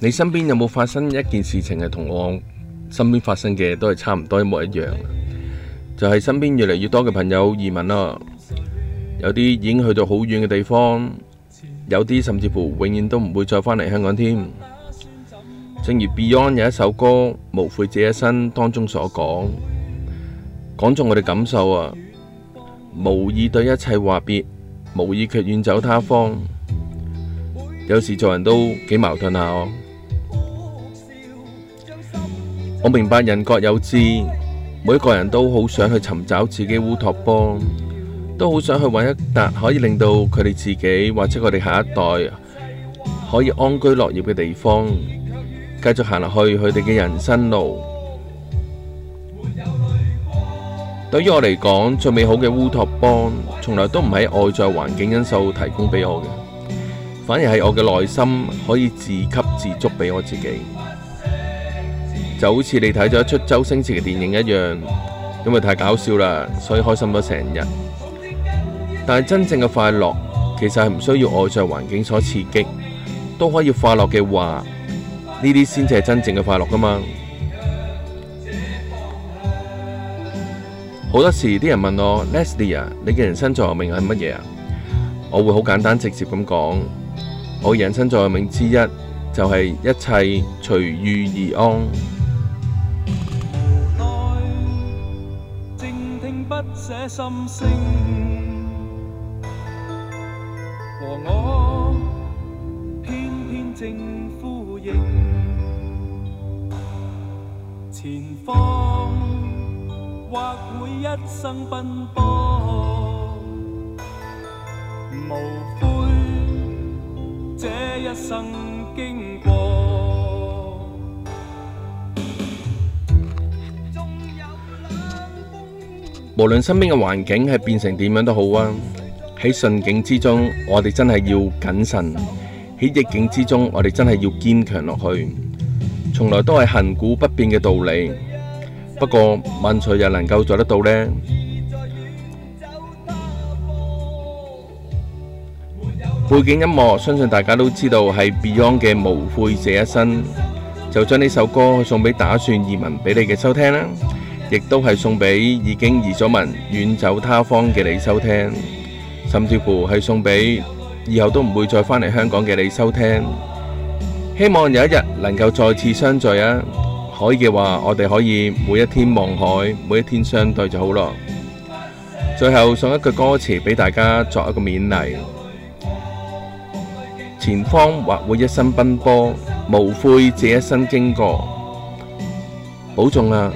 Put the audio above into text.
你身邊有冇發生一件事情係同我身邊發生嘅都係差唔多一模一樣？就係身邊越嚟越多嘅朋友移民啦，有啲已經去到好遠嘅地方，有啲甚至乎永遠都唔會再返嚟香港添。正如 Beyond 有一首歌《無悔這一生》當中所講。講中我哋感受啊！無意對一切話別，無意卻遠走他方。有時做人都幾矛盾下、啊、哦。我明白人各有志，每一個人都好想去尋找自己烏托邦，都好想去搵一笪可以令到佢哋自己或者佢哋下一代可以安居樂業嘅地方，繼續行落去佢哋嘅人生路。對於我嚟講，最美好嘅烏托邦，從來都唔喺外在環境因素提供俾我嘅，反而係我嘅內心可以自給自足俾我自己。就好似你睇咗一齣周星馳嘅電影一樣，因為太搞笑啦，所以開心咗成日。但係真正嘅快樂，其實係唔需要外在環境所刺激，都可以快樂嘅話，呢啲先至係真正嘅快樂㗎嘛。好多時啲人問我 Leslie 啊，你嘅人生座右銘係乜嘢啊？我會好簡單直接咁講，我嘅人生座右銘之一就係一切隨遇而安。無奈靜聽不捨心聲和我偏偏正呼應前方。」或會一生奔波，無悔，這一生經過，無論身邊嘅環境係變成點樣都好啊！喺順境之中，我哋真係要謹慎；喺逆境之中，我哋真係要堅強落去。從來都係恒古不變嘅道理。不過問誰又能夠做得到呢？背景音樂相信大家都知道係 Beyond 嘅《無悔這一生》，就將呢首歌送俾打算移民俾你嘅收聽啦，亦都係送俾已經移咗民遠走他方嘅你收聽，甚至乎係送俾以後都唔會再返嚟香港嘅你收聽。希望有一日能夠再次相聚啊！可以嘅話，我哋可以每一天望海，每一天相對就好咯。最後送一句歌詞俾大家作一個勉勵：前方或會一身奔波，無悔這一生經過。保重啊！